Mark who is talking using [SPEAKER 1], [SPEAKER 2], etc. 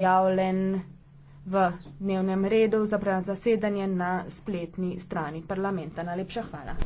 [SPEAKER 1] objavljen v dnevnem redu za zasedanje na spletni
[SPEAKER 2] strani parlamenta. Najlepša hvala.